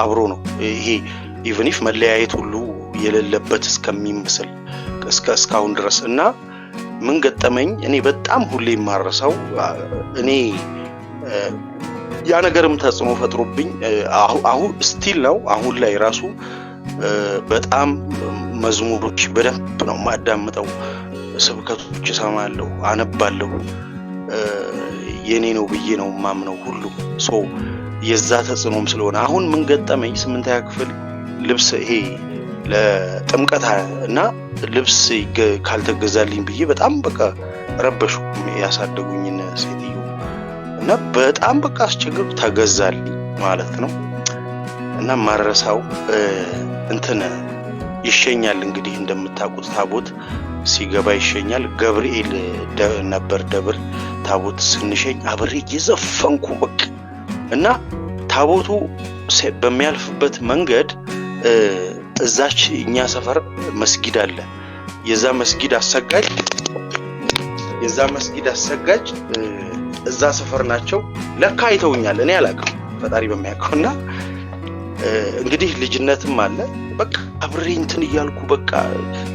አብሮ ነው ይሄ ኢቨን ኢፍ መለያየት ሁሉ የሌለበት እስከሚመስል እስከ እስካሁን ድረስ እና ምን ገጠመኝ እኔ በጣም ሁሌ የማረሰው እኔ ያ ነገርም ተጽዕኖ ፈጥሮብኝ አሁን ስቲል ነው አሁን ላይ ራሱ በጣም መዝሙሮች በደንብ ነው ማዳምጠው። ስብከቶች እሰማለሁ፣ አነባለሁ። የኔ ነው ብዬ ነው ማምነው ሁሉ የዛ ተጽዕኖም ስለሆነ አሁን ምን ገጠመኝ፣ ስምንተኛ ክፍል ልብስ ይሄ ለጥምቀት እና ልብስ ካልተገዛልኝ ብዬ በጣም በቃ ረበሹ ያሳደጉኝን ሴትዮ እና በጣም በቃ አስቸግር ተገዛልኝ ማለት ነው። እና ማረሳው እንትን ይሸኛል እንግዲህ እንደምታውቁት ታቦት ሲገባ ይሸኛል። ገብርኤል ነበር ደብር ታቦት ስንሸኝ አብሬ እየዘፈንኩ በቃ እና ታቦቱ በሚያልፍበት መንገድ እዛች እኛ ሰፈር መስጊድ አለ። የዛ መስጊድ አሰጋጅ የዛ መስጊድ አሰጋጅ እዛ ሰፈር ናቸው። ለካ አይተውኛል፣ እኔ አላውቅም፣ ፈጣሪ በሚያውቀው እና እንግዲህ ልጅነትም አለ። በቃ አብሬ እንትን እያልኩ በቃ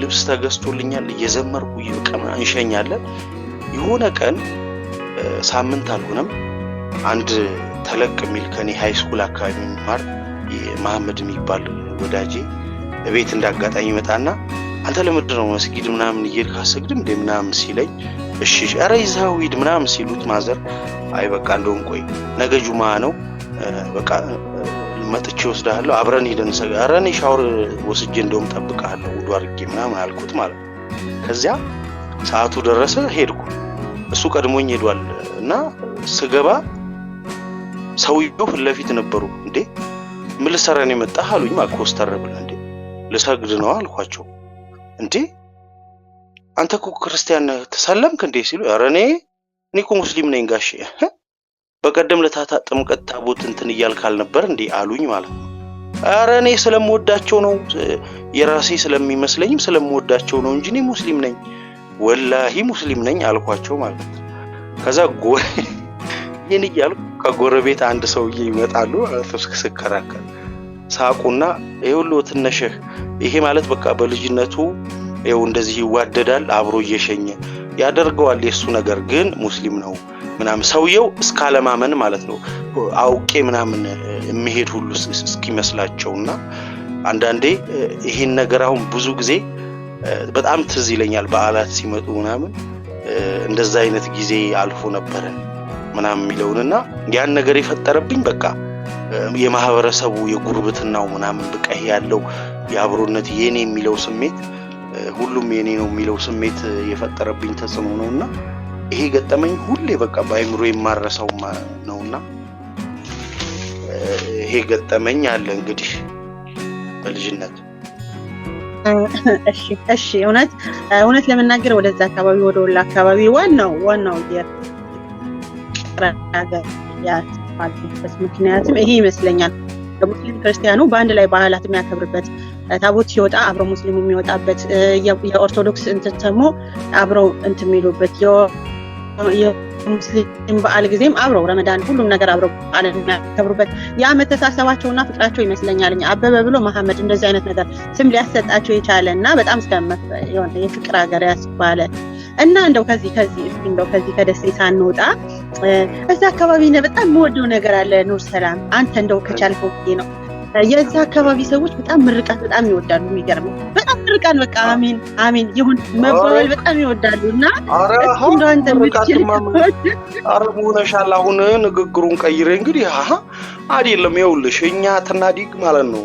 ልብስ ተገዝቶልኛል፣ እየዘመርኩ ቀን እንሸኛለን። የሆነ ቀን ሳምንት አልሆነም አንድ ተለቅ የሚል ከኔ ሀይ ስኩል አካባቢ የሚማር መሀመድ የሚባል ወዳጄ ቤት እንዳጋጣሚ ይመጣና አንተ ለምድ ነው መስጊድ ምናምን እየድ ካሰግድም እንደ ምናምን ሲለኝ፣ እሺ ኧረ ይዘኸው ሂድ ምናምን ሲሉት ማዘር አይ በቃ እንደውም ቆይ ነገ ጁማ ነው በቃ መጥቼ ወስዳለሁ አብረን ሂደን ሰ ኧረ እኔ ሻወር ወስጄ እንደውም ጠብቅሃለሁ ውዱ አድርጌ ምናምን አልኩት ማለት ነው። ከዚያ ሰዓቱ ደረሰ ሄድኩ። እሱ ቀድሞኝ ሄዷል እና ስገባ ሰውየው ፊት ለፊት ነበሩ። እንዴ ምን ልትሰራ ነው የመጣህ አሉኝ። ማኮስተር ብለ እንዴ ልሰግድ ነው አልኳቸው። እንዴ አንተ እኮ ክርስቲያን ተሳለምክ እንዴ ሲሉ፣ ኧረ እኔ እኔ እኮ ሙስሊም ነኝ ጋሽ። በቀደም ለታታ ጥምቀት ታቦት እንትን እያልክ ነበር እንዴ አሉኝ ማለት ነው። ኧረ እኔ ስለምወዳቸው ነው የራሴ ስለሚመስለኝም ስለምወዳቸው ነው እንጂ እኔ ሙስሊም ነኝ ወላሂ ሙስሊም ነኝ አልኳቸው ማለት ነው። ከዛ ይህን እያሉ ከጎረቤት አንድ ሰውዬ ይመጣሉ ማለት ስከራከር ሳቁና ይሁሉ ትነሽህ ይሄ ማለት በቃ በልጅነቱ ይው እንደዚህ ይዋደዳል፣ አብሮ እየሸኘ ያደርገዋል። የእሱ ነገር ግን ሙስሊም ነው ምናምን ሰውየው እስካለማመን ማለት ነው አውቄ ምናምን የሚሄድ ሁሉ እና አንዳንዴ ይህን ነገር አሁን ብዙ ጊዜ በጣም ትዝ ይለኛል። በዓላት ሲመጡ ምናምን እንደዛ አይነት ጊዜ አልፎ ነበረ። ምናምን የሚለውንና ያን ነገር የፈጠረብኝ በቃ የማህበረሰቡ የጉርብትናው ምናምን ብቃ ያለው የአብሮነት የኔ የሚለው ስሜት ሁሉም የኔ ነው የሚለው ስሜት የፈጠረብኝ ተጽዕኖ ነው እና ይሄ ገጠመኝ ሁሌ በቃ በአይምሮ የማረሰው ነውና ይሄ ገጠመኝ አለ እንግዲህ በልጅነት እሺ እሺ እውነት እውነት ለመናገር ወደዛ አካባቢ ወደ ወላ አካባቢ ዋናው ዋናው መጠናገር ያስባልበት ምክንያትም ይሄ ይመስለኛል። ሙስሊም ክርስቲያኑ በአንድ ላይ ባህላት የሚያከብርበት ታቦት ሲወጣ አብሮ ሙስሊሙ የሚወጣበት የኦርቶዶክስ እንትተሞ አብረው እንት የሚሉበት ሙስሊም በዓል ጊዜም አብረው ረመዳን ሁሉም ነገር አብረው በዓል የሚያከብሩበት ያ መተሳሰባቸውና ፍቅራቸው ይመስለኛል። አበበ ብሎ መሐመድ እንደዚህ አይነት ነገር ስም ሊያሰጣቸው የቻለ እና በጣም የፍቅር ሀገር ያስባለ እና እንደው ከዚህ ከዚህ እንደው ከዚህ ከደሴ ሳንወጣ እዛ አካባቢ ነ በጣም የምወደው ነገር አለ። ኑር ሰላም፣ አንተ እንደው ከቻልክ ነው የዛ አካባቢ ሰዎች በጣም ምርቃት በጣም ይወዳሉ። የሚገርም በጣም ምርቃን በቃ አሜን አሜን ይሁን መባበል በጣም ይወዳሉ። እና እንደንተ ምርቃትማረቡነሻል አሁን ንግግሩን ቀይረ እንግዲህ አይደለም ይኸውልሽ እኛ ትናዲግ ማለት ነው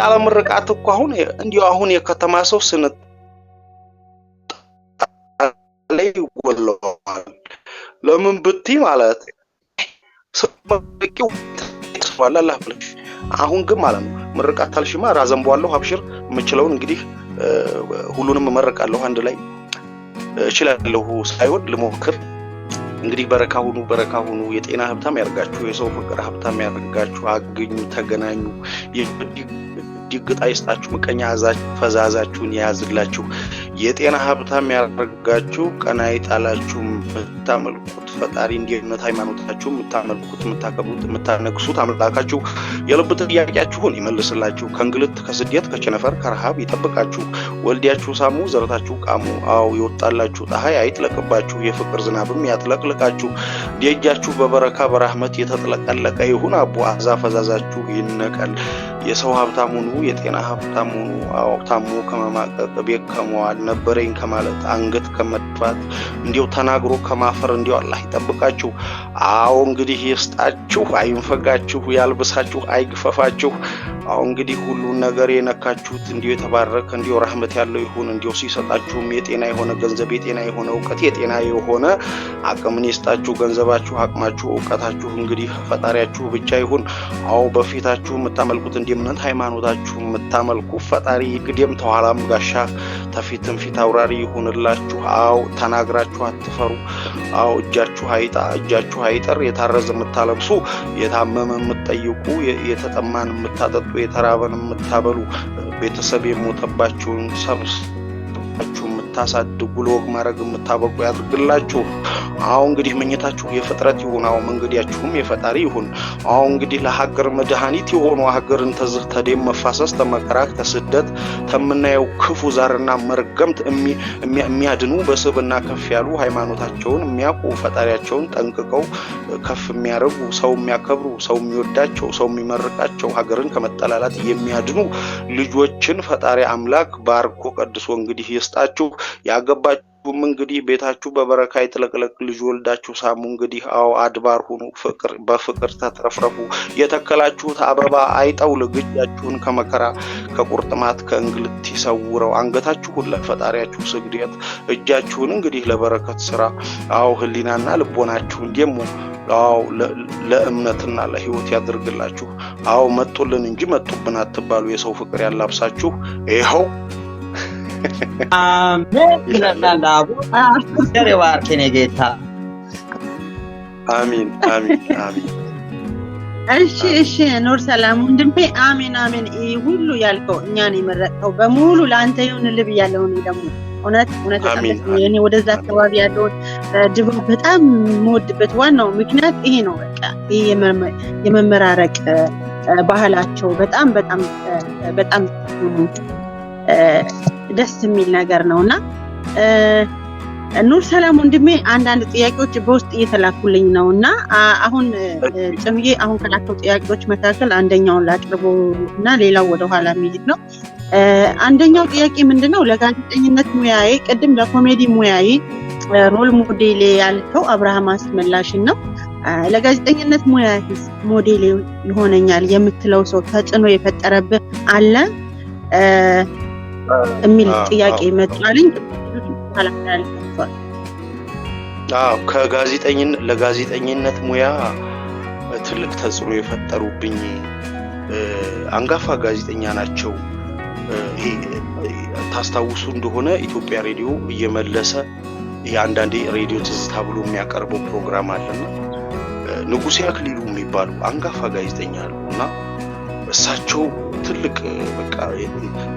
ያለ ምርቃት እኮ አሁን እንዲሁ አሁን የከተማ ሰው ስንት ለምን ብቲ ማለት ሰቂው ብለሽ አሁን ግን ማለት ነው ምርቃት ታልሽማ ራዘንቧለሁ። አብሽር የምችለውን እንግዲህ ሁሉንም እመርቃለሁ። አንድ ላይ እችላለሁ ሳይሆን ልሞክር። እንግዲህ በረካ ሁኑ፣ በረካ ሁኑ። የጤና ሀብታም ያደርጋችሁ የሰው ፍቅር ሀብታም ያደርጋችሁ አገኙ፣ ተገናኙ፣ ድግጥ አይስጣችሁ፣ ምቀኛ ፈዛዛችሁን የያዝላችሁ። የጤና ሀብታም ያደርጋችሁ ቀና አይጣላችሁም። የምታመልኩት ፈጣሪ እንዲነት ሃይማኖታችሁ የምታመልኩት የምታከብሩት የምታነግሱት አምላካችሁ የልብ ጥያቄያችሁን ይመልስላችሁ፣ ከእንግልት ከስደት ከቸነፈር ከረሃብ ይጠብቃችሁ። ወልዲያችሁ ሳሙ፣ ዘረታችሁ ቃሙ። አዎ ይወጣላችሁ፣ ፀሐይ አይጥለቅባችሁ፣ የፍቅር ዝናብም ያጥለቅልቃችሁ። ደጃችሁ በበረካ በራህመት የተጥለቀለቀ ይሁን። አቦ አዛ ፈዛዛችሁ ይነቀል። የሰው ሀብታም ሁኑ፣ የጤና ሀብታም ሁኑ። ታሞ ከመማቀቅ ቤት ከመዋል ነበረኝ ከማለት አንገት ከመድፋት እንዲሁ ተናግሮ ከማ አፈር እንዲሁ አላህ ይጠብቃችሁ። አዎ እንግዲህ ይስጣችሁ፣ አይንፈጋችሁ፣ ያልብሳችሁ፣ አይግፈፋችሁ። አሁን እንግዲህ ሁሉን ነገር የነካችሁት እንዲሁ የተባረከ እንዲሁ ረህመት ያለው ይሁን እንዲሁ ሲሰጣችሁም የጤና የሆነ ገንዘብ የጤና የሆነ እውቀት የጤና የሆነ አቅምን ይስጣችሁ። ገንዘባችሁ፣ አቅማችሁ፣ እውቀታችሁ እንግዲህ ፈጣሪያችሁ ብቻ ይሁን። አዎ በፊታችሁ የምታመልኩት እንደ እምነት ሃይማኖታችሁ የምታመልኩ ፈጣሪ ግዴም ተኋላም ጋሻ ተፊትም ፊት አውራሪ ይሁንላችሁ። አዎ ተናግራችሁ አትፈሩ። አዎ እጃችሁ አይጣ እጃችሁ አይጠር። የታረዘ የምታለብሱ የታመመ የምትጠይቁ የተጠማን የምታጠጡ የተራበን የምታበሉ ቤተሰብ የሞተባችሁን ሰብስባችሁ የምታሳድጉ ለወግ ማድረግ የምታበቁ ያድርግላችሁ። አሁ እንግዲህ መኝታችሁ የፍጥረት ይሁን፣ አሁ መንገዲያችሁም የፈጣሪ ይሁን። አሁ እንግዲህ ለሀገር መድኃኒት የሆኑ ሀገርን ተዝህ ተደም መፋሰስ ተመከራክ ተስደት ተምናየው ክፉ ዛርና መርገምት የሚያድኑ በስብና ከፍ ያሉ ሃይማኖታቸውን የሚያውቁ ፈጣሪያቸውን ጠንቅቀው ከፍ የሚያደርጉ ሰው የሚያከብሩ ሰው የሚወዳቸው ሰው የሚመርቃቸው ሀገርን ከመጠላላት የሚያድኑ ልጆችን ፈጣሪ አምላክ ባርኮ ቀድሶ እንግዲህ ይስጣችሁ ያገባችሁ ሁሉም እንግዲህ ቤታችሁ በበረካ ይጥለቅለቅ። ልጅ ወልዳችሁ ሳሙ። እንግዲህ አዎ አድባር ሁኑ፣ ፍቅር በፍቅር ተትረፍረፉ። የተከላችሁት አበባ አይጠውልግ። እጃችሁን ከመከራ ከቁርጥማት ከእንግልት ይሰውረው። አንገታችሁን ለፈጣሪያችሁ ስግደት፣ እጃችሁን እንግዲህ ለበረከት ስራ። አዎ ህሊናና ልቦናችሁን ደግሞ አዎ ለእምነትና ለህይወት ያድርግላችሁ። አዎ መጡልን እንጂ መጡብን አትባሉ። የሰው ፍቅር ያላብሳችሁ ይኸው አሜን። አፍር የባርኬን እሺ፣ እሺ። ኑር ሰላም ወንድሜ፣ አሜን፣ አሜን። ይህ ሁሉ ያልከው እኛን የመረጥከው በሙሉ ለአንተ ይሁን ልብ ያለው እኔ ደግሞ እውነት እውነት እኔ ወደዛ አካባቢ ያለውን ድባብ በጣም የምወድበት ዋናው ምክንያት ይሄ ነው። በቃ ይህ የመመራረቅ ባህላቸው በጣም በጣም በጣም ደስ የሚል ነገር ነው እና ኑር ሰላም ወንድሜ አንዳንድ ጥያቄዎች በውስጥ እየተላኩልኝ ነው እና አሁን ጽምዬ አሁን ከላከው ጥያቄዎች መካከል አንደኛውን ላቅርቦ እና ሌላው ወደኋላ የሚሄድ ነው። አንደኛው ጥያቄ ምንድነው ለጋዜጠኝነት ሙያዬ ቅድም ለኮሜዲ ሙያዬ ሮል ሞዴሌ ያልከው አብርሃም አስመላሽን ነው። ለጋዜጠኝነት ሙያ ሞዴሌ ይሆነኛል የምትለው ሰው ተጽዕኖ የፈጠረብህ አለ? የሚል ጥያቄ መጣልኝ። ከጋዜጠኝነት ለጋዜጠኝነት ሙያ ትልቅ ተጽዕኖ የፈጠሩብኝ አንጋፋ ጋዜጠኛ ናቸው። ታስታውሱ እንደሆነ ኢትዮጵያ ሬዲዮ እየመለሰ የአንዳንዴ ሬዲዮ ትዝታ ብሎ የሚያቀርበው ፕሮግራም አለና ንጉሴ አክሊሉ የሚባሉ አንጋፋ ጋዜጠኛ አሉ እና እሳቸው ትልቅ በቃ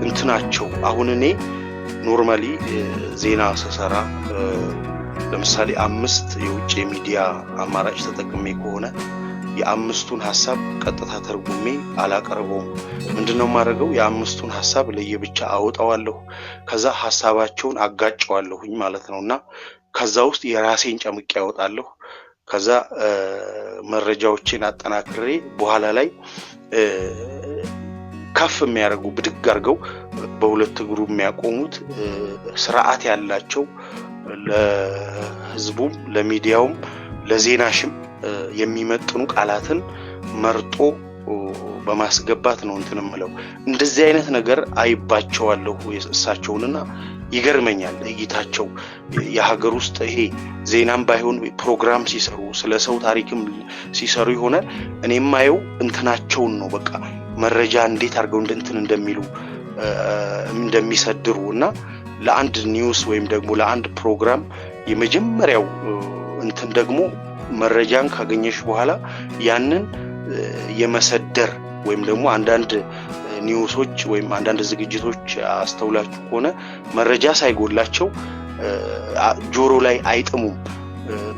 እንትናቸው። አሁን እኔ ኖርማሊ ዜና ስሰራ ለምሳሌ አምስት የውጭ የሚዲያ አማራጭ ተጠቅሜ ከሆነ የአምስቱን ሀሳብ ቀጥታ ተርጉሜ አላቀርበውም። ምንድነው የማደርገው? የአምስቱን ሀሳብ ለየብቻ አወጣዋለሁ። ከዛ ሀሳባቸውን አጋጨዋለሁኝ ማለት ነው እና ከዛ ውስጥ የራሴን ጨምቄ ያወጣለሁ። ከዛ መረጃዎችን አጠናክሬ በኋላ ላይ ከፍ የሚያደርጉ ብድግ አድርገው በሁለት እግሩ የሚያቆሙት ስርዓት ያላቸው ለህዝቡም ለሚዲያውም ለዜናሽም የሚመጥኑ ቃላትን መርጦ በማስገባት ነው እንትን ምለው እንደዚህ አይነት ነገር አይባቸዋለሁ እሳቸውንና ይገርመኛል እይታቸው የሀገር ውስጥ ይሄ ዜናም ባይሆን ፕሮግራም ሲሰሩ ስለ ሰው ታሪክም ሲሰሩ ይሆናል እኔም ማየው እንትናቸውን ነው በቃ መረጃ እንዴት አድርገው እንትን እንደሚሉ እንደሚሰድሩ እና ለአንድ ኒውስ ወይም ደግሞ ለአንድ ፕሮግራም የመጀመሪያው እንትን ደግሞ መረጃን ካገኘሽ በኋላ ያንን የመሰደር ወይም ደግሞ አንዳንድ ኒውሶች ወይም አንዳንድ ዝግጅቶች አስተውላችሁ ከሆነ መረጃ ሳይጎላቸው ጆሮ ላይ አይጥሙም።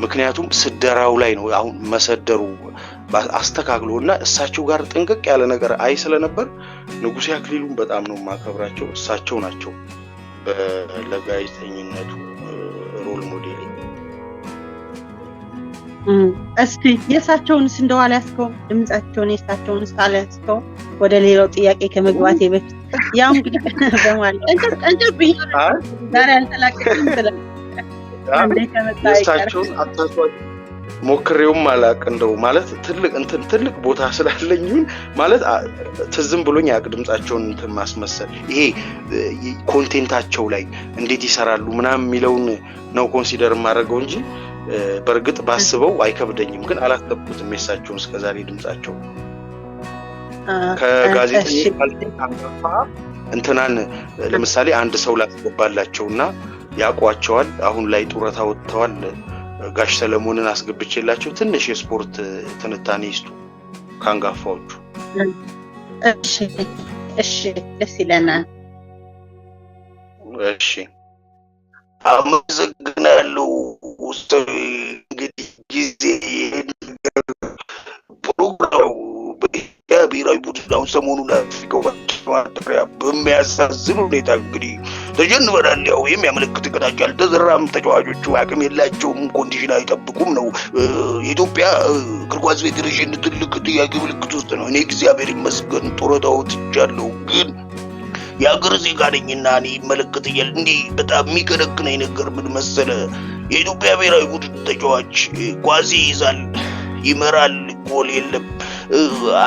ምክንያቱም ስደራው ላይ ነው አሁን መሰደሩ አስተካክሎ እና እሳቸው ጋር ጥንቅቅ ያለ ነገር አይ ስለነበር ንጉሴ አክሊሉን በጣም ነው የማከብራቸው። እሳቸው ናቸው ለጋዜጠኝነቱ ሮል ሞዴል። እስኪ የእሳቸውንስ እንደዋላ ያስከው ድምጻቸውን የእሳቸውንስ አልያዝከው። ወደ ሌላው ጥያቄ ከመግባቴ በፊት ያው እንግዲህ በማለት እንጭብ ብያ ዛሬ አልተላቀቅም ስለ ሳቸውን አታሷቸው ሞክሬውም አላቅ እንደው ማለት ትልቅ እንትን ትልቅ ቦታ ስላለኝ ማለት ትዝም ብሎኝ ያቅ ድምጻቸውን እንትን ማስመሰል ይሄ ኮንቴንታቸው ላይ እንዴት ይሰራሉ ምናም የሚለውን ነው ኮንሲደር የማደርገው እንጂ በእርግጥ ባስበው አይከብደኝም፣ ግን አላሰብኩትም። የሳቸውን እስከዛሬ ድምጻቸው ከጋዜጠኞች እንትናን ለምሳሌ አንድ ሰው ላስገባላቸው እና ያቋቸዋል አሁን ላይ ጡረታ ወጥተዋል። ጋሽ ሰለሞንን አስገብቼላቸው ትንሽ የስፖርት ትንታኔ ይስጡ ከአንጋፋዎቹ። እሺ እሺ፣ ደስ ይለናል። እሺ፣ አመሰግናለሁ። እንግዲህ ጊዜ ፕሮግራሙ ብሔራዊ ቡድን አሁን ሰሞኑን ላፊቀው ማጣሪያ በሚያሳዝን ሁኔታ እንግዲህ ተሸንፈናል ወይም ያመለክት ቅጣጫ አልተዘራም፣ ተጫዋቾቹ አቅም የላቸውም፣ ኮንዲሽን አይጠብቁም ነው የኢትዮጵያ እግር ኳስ ፌዴሬሽን ትልቅ ጥያቄ ምልክት ውስጥ ነው። እኔ እግዚአብሔር ይመስገን ጡረታ ወጥቻለሁ ግን የአገር ዜጋ ነኝና እኔ ይመለከተኛል። እንዲህ በጣም የሚከነክነኝ ነገር ምን መሰለ፣ የኢትዮጵያ ብሔራዊ ቡድን ተጫዋች ኳስ ይይዛል፣ ይመራል፣ ጎል የለም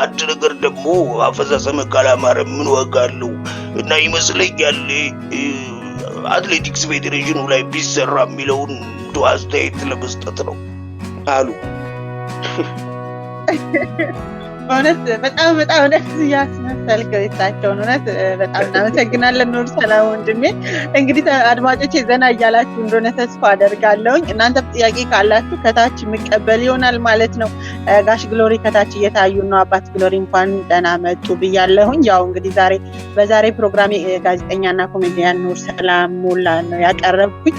አንድ ነገር ደግሞ አፈጻጸም ካላማረ ምን አለው እና ይመስለኛል አትሌቲክስ ፌዴሬሽኑ ላይ ቢሰራ የሚለውን አስተያየት ለመስጠት ነው አሉ። በእውነት በጣም በጣም ደስ እያስመሰል ገቤታቸውን እውነት በጣም እናመሰግናለን። ኑር ሰላም ወንድሜ። እንግዲህ አድማጮች ዘና እያላችሁ እንደሆነ ተስፋ አደርጋለሁኝ። እናንተ ጥያቄ ካላችሁ ከታች የሚቀበል ይሆናል ማለት ነው። ጋሽ ግሎሪ ከታች እየታዩ ነው። አባት ግሎሪ እንኳን ደህና መጡ ብያለሁኝ። ያው እንግዲህ ዛሬ በዛሬ ፕሮግራም ጋዜጠኛና ኮሜዲያን ኑር ሰላም ሞላ ነው ያቀረብኩኝ፣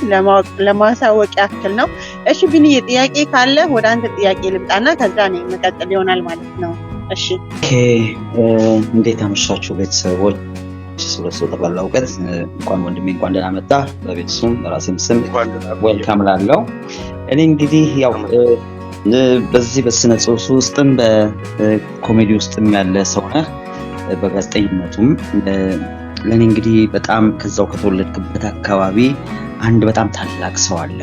ለማሳወቅ ያክል ነው። እሺ ብንዬ ጥያቄ ካለ ወደ አንተ ጥያቄ ልምጣና ከዛ ነው የምቀጥል ይሆናል ማለት ነው። እሺ ኦኬ። እንዴት አመሻችሁ ቤተሰቦች? ስለሱ ጠቅላላ እውቀት እንኳን ወንድሜ እንኳን ደህና መጣ። በቤተሰቡም በራሴም ስም ዌልካም ላለው እኔ እንግዲህ ያው በዚህ በስነ ጽሁፍ ውስጥም በኮሜዲ ውስጥም ያለ ሰው ነህ፣ በጋዜጠኝነቱም ለእኔ እንግዲህ በጣም ከዛው ከተወለድክበት አካባቢ አንድ በጣም ታላቅ ሰው አለ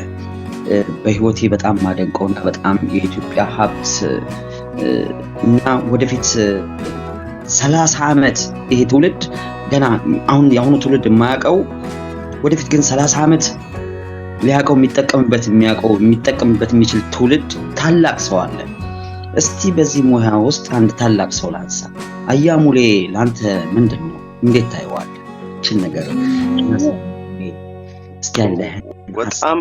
በህይወቴ በጣም ማደንቀውና በጣም የኢትዮጵያ ሀብት እና ወደፊት ሰላሳ ዓመት ይሄ ትውልድ ገና አሁን የአሁኑ ትውልድ የማያውቀው ወደፊት ግን ሰላሳ ዓመት ሊያውቀው የሚጠቀምበት የሚያውቀው የሚጠቀምበት የሚችል ትውልድ ታላቅ ሰው አለ። እስቲ በዚህ ሙያ ውስጥ አንድ ታላቅ ሰው ላንሳ። አያሙሌ ለአንተ ምንድን ነው? እንዴት ታየዋለህ? ችን ነገር እስቲ ያለህ በጣም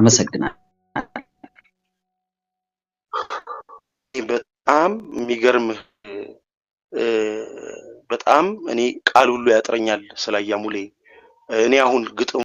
አመሰግናል። በጣም የሚገርምህ በጣም እኔ ቃል ሁሉ ያጥረኛል ስለ አያሙሌ። እኔ አሁን ግጥም